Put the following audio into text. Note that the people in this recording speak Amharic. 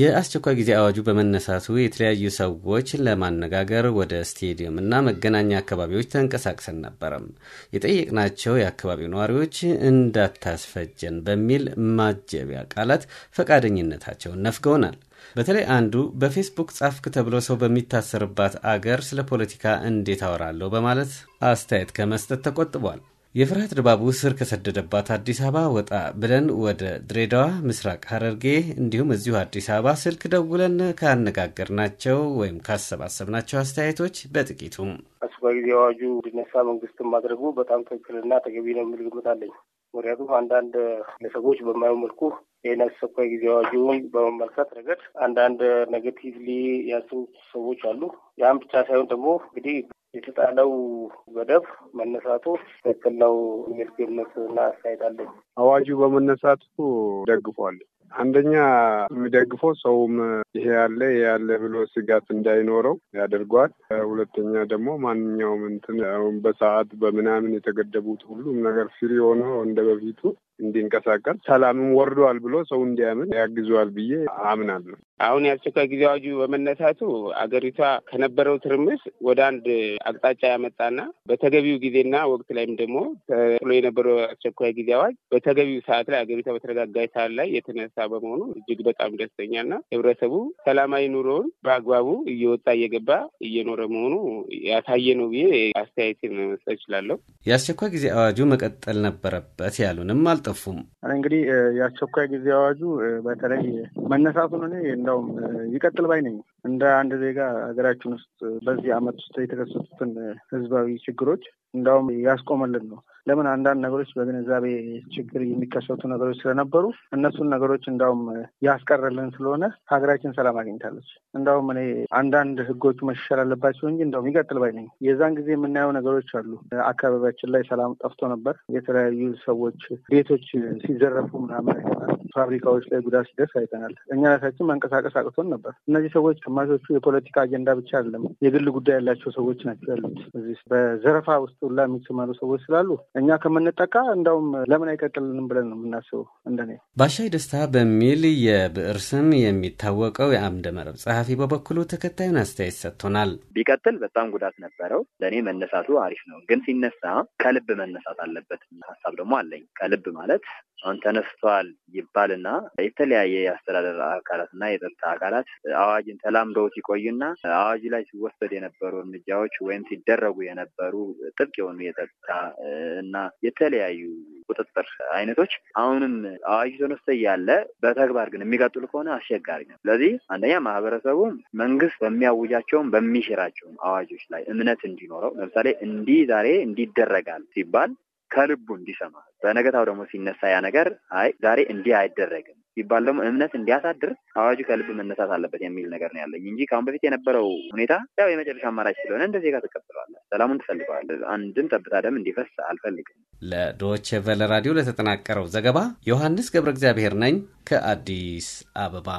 የአስቸኳይ ጊዜ አዋጁ በመነሳቱ የተለያዩ ሰዎች ለማነጋገር ወደ እና መገናኛ አካባቢዎች ተንቀሳቅሰን ነበረም። የጠየቅናቸው የአካባቢው ነዋሪዎች እንዳታስፈጀን በሚል ማጀቢያ ቃላት ፈቃደኝነታቸውን ነፍገውናል። በተለይ አንዱ በፌስቡክ ጻፍክ ተብሎ ሰው በሚታሰርባት አገር ስለ ፖለቲካ እንዴት አወራለሁ በማለት አስተያየት ከመስጠት ተቆጥቧል። የፍርሃት ድባቡ ስር ከሰደደባት አዲስ አበባ ወጣ ብለን ወደ ድሬዳዋ፣ ምስራቅ ሀረርጌ እንዲሁም እዚሁ አዲስ አበባ ስልክ ደውለን ካነጋገርናቸው ወይም ካሰባሰብናቸው አስተያየቶች በጥቂቱም አስቸኳይ ጊዜ አዋጁ እንዲነሳ መንግስትን ማድረጉ በጣም ትክክልና ተገቢ ነው የሚል ግምት አለኝ። ምክንያቱም አንዳንድ ግለሰቦች በማየው መልኩ ይህን አስቸኳይ ጊዜ አዋጁን በመመልከት ረገድ አንዳንድ ኔጌቲቭሊ ያስቡ ሰዎች አሉ። ያም ብቻ ሳይሆን ደግሞ እንግዲህ የተጣለው ገደብ መነሳቱ ትክክል ነው የሚል ግምት እና አስተያየት አለኝ። አዋጁ በመነሳቱ ደግፏል። አንደኛ የሚደግፈው ሰውም ይሄ ያለ ይሄ ያለ ብሎ ስጋት እንዳይኖረው ያደርጓል። ሁለተኛ ደግሞ ማንኛውም እንትን አሁን በሰዓት በምናምን የተገደቡት ሁሉም ነገር ፍሪ ሆኖ እንደ በፊቱ እንዲንቀሳቀስ ሰላምም ወርዷል ብሎ ሰው እንዲያምን ያግዘዋል ብዬ አምናለሁ። አሁን የአስቸኳይ ጊዜ አዋጁ በመነሳቱ አገሪቷ ከነበረው ትርምስ ወደ አንድ አቅጣጫ ያመጣና በተገቢው ጊዜና ወቅት ላይም ደግሞ ተጥሎ የነበረው አስቸኳይ ጊዜ አዋጅ በተገቢው ሰዓት ላይ አገሪቷ በተረጋጋች ሰዓት ላይ የተነሳ በመሆኑ እጅግ በጣም ደስተኛና ህብረተሰቡ ሰላማዊ ኑሮውን በአግባቡ እየወጣ እየገባ እየኖረ መሆኑ ያሳየ ነው ብዬ አስተያየቴን መስጠት እችላለሁ። የአስቸኳይ ጊዜ አዋጁ መቀጠል ነበረበት ያሉንም አልጠ አልጠፉም። እንግዲህ የአስቸኳይ ጊዜ አዋጁ በተለይ መነሳቱን እኔ እንደውም ይቀጥል ባይ ነኝ። እንደ አንድ ዜጋ ሀገራችን ውስጥ በዚህ አመት ውስጥ የተከሰቱትን ህዝባዊ ችግሮች እንዳውም ያስቆመልን ነው። ለምን አንዳንድ ነገሮች በግንዛቤ ችግር የሚከሰቱ ነገሮች ስለነበሩ እነሱን ነገሮች እንዳውም ያስቀረልን ስለሆነ ሀገራችን ሰላም አግኝታለች። እንዳውም እኔ አንዳንድ ህጎቹ መሻሻል አለባቸው እንጂ እንዳውም ይቀጥል ባይ ነኝ። የዛን ጊዜ የምናየው ነገሮች አሉ። አካባቢያችን ላይ ሰላም ጠፍቶ ነበር። የተለያዩ ሰዎች ቤቶች ሲዘረፉ ምናምን ፋብሪካዎች ላይ ጉዳት ሲደርስ አይተናል። እኛ ራሳችን መንቀሳቀስ አቅቶን ነበር። እነዚህ ሰዎች ግማሾቹ የፖለቲካ አጀንዳ ብቻ አይደለም፣ የግል ጉዳይ ያላቸው ሰዎች ናቸው ያሉት። እዚህ በዘረፋ ውስጥ ሁላ የሚሰማሩ ሰዎች ስላሉ እኛ ከምንጠቃ እንዳውም ለምን አይቀጥልንም ብለን ነው የምናስበው። እንደኔ ባሻይ ደስታ በሚል የብዕር ስም የሚታወቀው የአምደ መረብ ጸሐፊ በበኩሉ ተከታዩን አስተያየት ሰጥቶናል። ቢቀጥል በጣም ጉዳት ነበረው። ለእኔ መነሳቱ አሪፍ ነው፣ ግን ሲነሳ ከልብ መነሳት አለበት። ሀሳብ ደግሞ አለኝ። ከልብ ማለት አሁን ተነስቷል ይባልና የተለያየ የአስተዳደር አካላት እና የጸጥታ አካላት አዋጅን ተላ ተላምደው ሲቆዩና አዋጅ ላይ ሲወሰድ የነበሩ እርምጃዎች ወይም ሲደረጉ የነበሩ ጥብቅ የሆኑ የጸጥታ እና የተለያዩ ቁጥጥር አይነቶች አሁንም አዋጅ ተነስቶ እያለ በተግባር ግን የሚቀጥሉ ከሆነ አስቸጋሪ ነው። ስለዚህ አንደኛ ማህበረሰቡ መንግስት በሚያውጃቸውም በሚሽራቸውም አዋጆች ላይ እምነት እንዲኖረው ለምሳሌ እንዲህ ዛሬ እንዲደረጋል ሲባል ከልቡ እንዲሰማ በነገታው ደግሞ ሲነሳ ያ ነገር አይ ዛሬ እንዲህ አይደረግም ሲባል ደግሞ እምነት እንዲያሳድር አዋጁ ከልብ መነሳት አለበት የሚል ነገር ነው ያለኝ እንጂ ከአሁን በፊት የነበረው ሁኔታ ያው የመጨረሻ አማራጭ ስለሆነ እንደዚህ ጋር ተቀብለዋለሁ። ሰላሙን ትፈልገዋለህ። አንድም ጠብታ ደም እንዲፈስ አልፈልግም። ለዶቼ ቨለ ራዲዮ ለተጠናቀረው ዘገባ ዮሐንስ ገብረ እግዚአብሔር ነኝ ከአዲስ አበባ